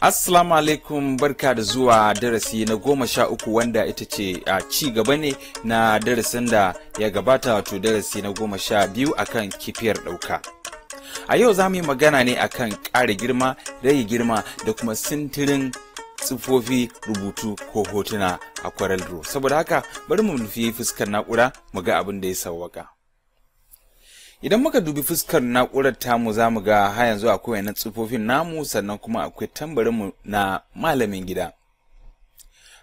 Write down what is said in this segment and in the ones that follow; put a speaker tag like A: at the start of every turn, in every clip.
A: Assalamu alaikum barka da zuwa darasi na goma sha uku wanda ita ce a ci gaba ne na darasin da ya gabata wato darasi na goma sha biyu akan kifiyar dauka. A yau za mu yi magana ne akan ƙara girma, rage girma da kuma sintirin tsufofi rubutu ko hotuna a kwararru Saboda haka bari mu nufi fuskar na'ura mu ga abin da ya sawwaka. idan muka dubi fuskar na'urar tamu za mu ga ha yanzu akwai wani tsufofin namu sannan kuma akwai tambarin mu na malamin gida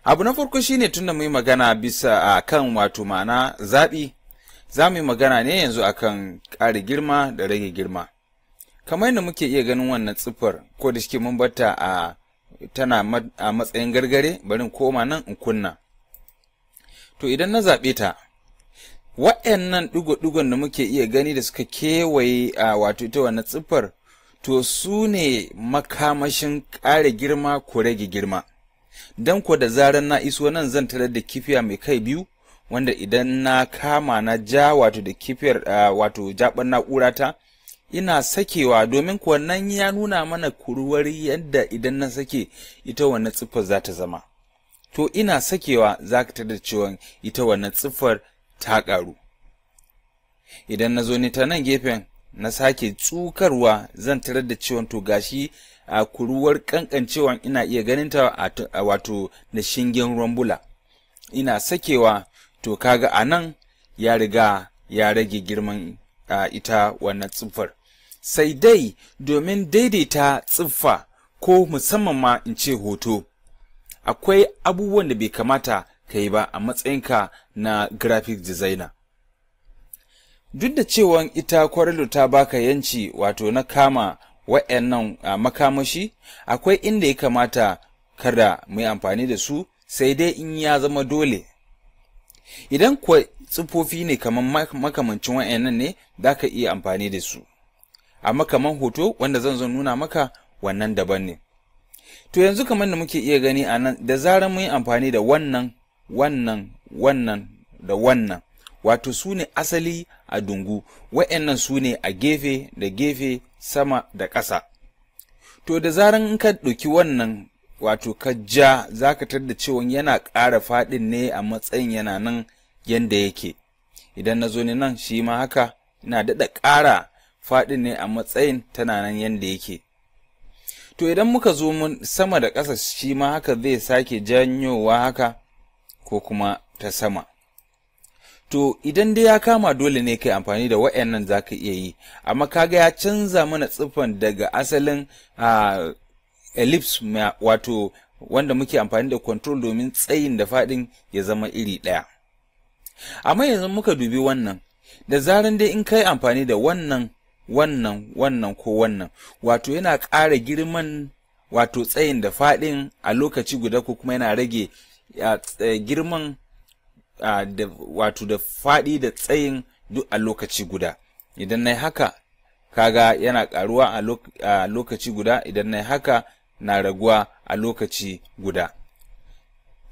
A: abu na farko shine tunda mu yi magana bisa a kan wato ma'ana zaɓi za mu yi magana ne yanzu akan ƙara girma da rage girma kamar yadda muke iya ganin wannan tsufar ko da shike mun bata a tana a matsayin gargare barin koma nan in kunna to idan na zaɓe ta waɗannan ɗigo-ɗigon da muke iya gani da suka kewaye a wato ita wannan tsiffar to su ne makamashin ƙara girma ko rage girma don ko da zarar na iso nan zan tarar da kifiya mai kai biyu wanda idan na kama na ja wato da kifiyar wato jaɓar na'ura ina sakewa domin kuwa nan ya nuna mana kurwar yadda idan na sake ita wannan tsiffar za ta zama to ina sakewa za ka da cewa ita wannan tsiffar ta ƙaru idan na zo ni ta nan gefen na sake tsukarwa zan tarar da ciwon to gashi a kuruwar kankancewan ina iya ganin ta wato na shingen bula ina sakewa to kaga a nan ya riga ya rage girman a ita wannan tsiffar sai dai domin daidaita tsiffa ko musamman ma in ce hoto akwai abubuwan da bai kamata ka yi ba a matsayinka na graphic designer duk da cewa ita kwarilu ta baka yanci wato na kama wa'annan makamashi akwai inda ya kamata kada mu yi amfani da su sai dai in ya zama dole idan kuwa tsufofi ne kamar makamancin wa'annan ne za ka iya amfani da su amma kamar hoto wanda zan zo nuna maka wannan daban ne to yanzu kamar da muke iya gani a nan da zarar mun yi amfani da wannan wannan wannan da wannan wato su ne asali a dungu wa'annan su ne a gefe da gefe sama da ƙasa to da zaran in ka ɗauki wannan wato ka ja za ka da cewa yana ƙara faɗin ne a matsayin yana nan yanda yake idan na zo ne nan shi ma haka ina daɗa ƙara faɗin ne a matsayin tana nan yanda yake to idan muka zo sama da ƙasa shi ma haka zai sake janyowa haka ko kuma ta sama to idan dai ya kama dole ne kai amfani da wa'annan za ka iya yi amma kaga ya canza mana tsiffan daga asalin uh, ellipse wato wanda muke amfani da control domin tsayin da faɗin ya zama iri ɗaya amma yanzu muka dubi wannan da zaran dai in kai amfani da wannan wannan wannan ko wannan wato yana ƙara girman wato tsayin da faɗin a lokaci guda ko kuma yana rage Eh, girman ah, wato da faɗi da tsayin duk a lokaci guda idan na haka kaga yana ƙaruwa a lokaci guda idan na haka na raguwa a lokaci guda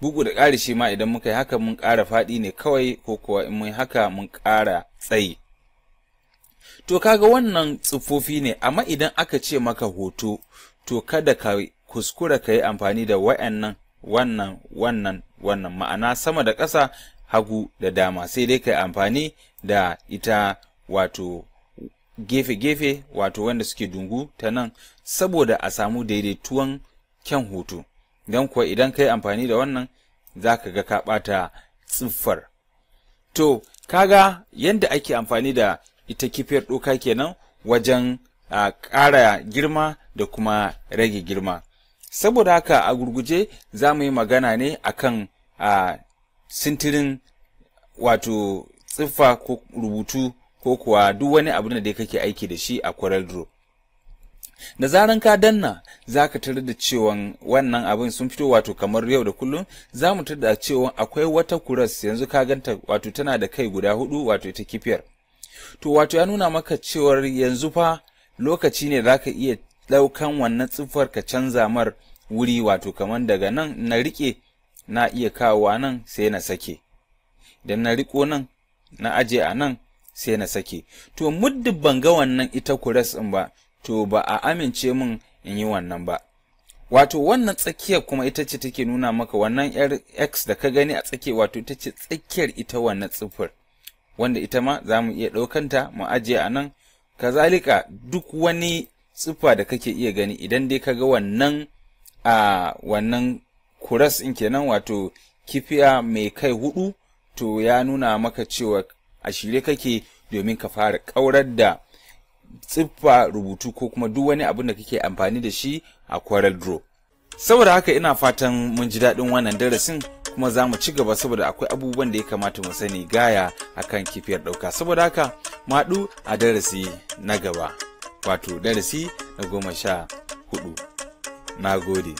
A: bugu da ƙari shi ma idan muka yi haka mun ƙara faɗi ne kawai ko kuwa in mun haka mun ƙara tsayi to kaga wannan tsuffofi ne amma idan aka ce maka hoto to kada ka kuskura ka yi amfani da wa'annan wannan wannan wannan ma'ana sama da ƙasa hagu da dama sai dai kai amfani da ita wato gefe-gefe wato wanda suke dungu ta nan saboda a samu daidaituwan kyan hoto don kuwa idan ka yi amfani da wannan za ka ga ka ɓata tsiffar to kaga yadda ake amfani da ita kifiyar ɗoka kenan wajen ƙara girma da kuma rage girma saboda haka a gurguje za mu yi magana ne akan a sintirin wato tsiffa ko rubutu ko kuwa duk wani abu da kake aiki da shi a Corel Draw. Da zaran ka danna za ka tarar da cewa wannan abin sun fito wato kamar yau da kullum za mu tarar da cewa akwai wata kuras yanzu ka ganta wato tana da kai guda hudu wato ita kifiyar. To wato ya nuna maka cewar yanzu fa lokaci ne za ka iya ɗaukan wannan tsiffar ka canza mar wuri wato kamar daga nan na riƙe na iya kawowa nan sai na sake idan na riƙo nan na aje a nan sai na sake to muddin ban ga wannan ita kuras ɗin ba to ba a amince min in yi wannan ba wato wannan tsakiyar kuma ita ce take nuna maka wannan yar x da ka gani a tsakiya wato ita ce tsakiyar ita wannan tsifir wanda ita ma za mu iya ɗaukanta mu ajiye a nan kazalika duk wani tsufa da kake iya gani idan dai ka ga wannan a wannan kuras in kenan wato kifiya mai kai hudu to ya nuna maka cewa a shirye kake domin ka fara kaurar da tsiffa rubutu ko kuma duk wani abin da kake amfani da shi a kwarar Draw. Saboda haka ina fatan mun ji daɗin wannan darasin kuma za mu ci gaba saboda akwai abubuwan da ya kamata mu sani gaya a kan kifiyar ɗauka. Saboda haka maɗu a darasi na gaba, wato darasi na goma sha hudu. Guri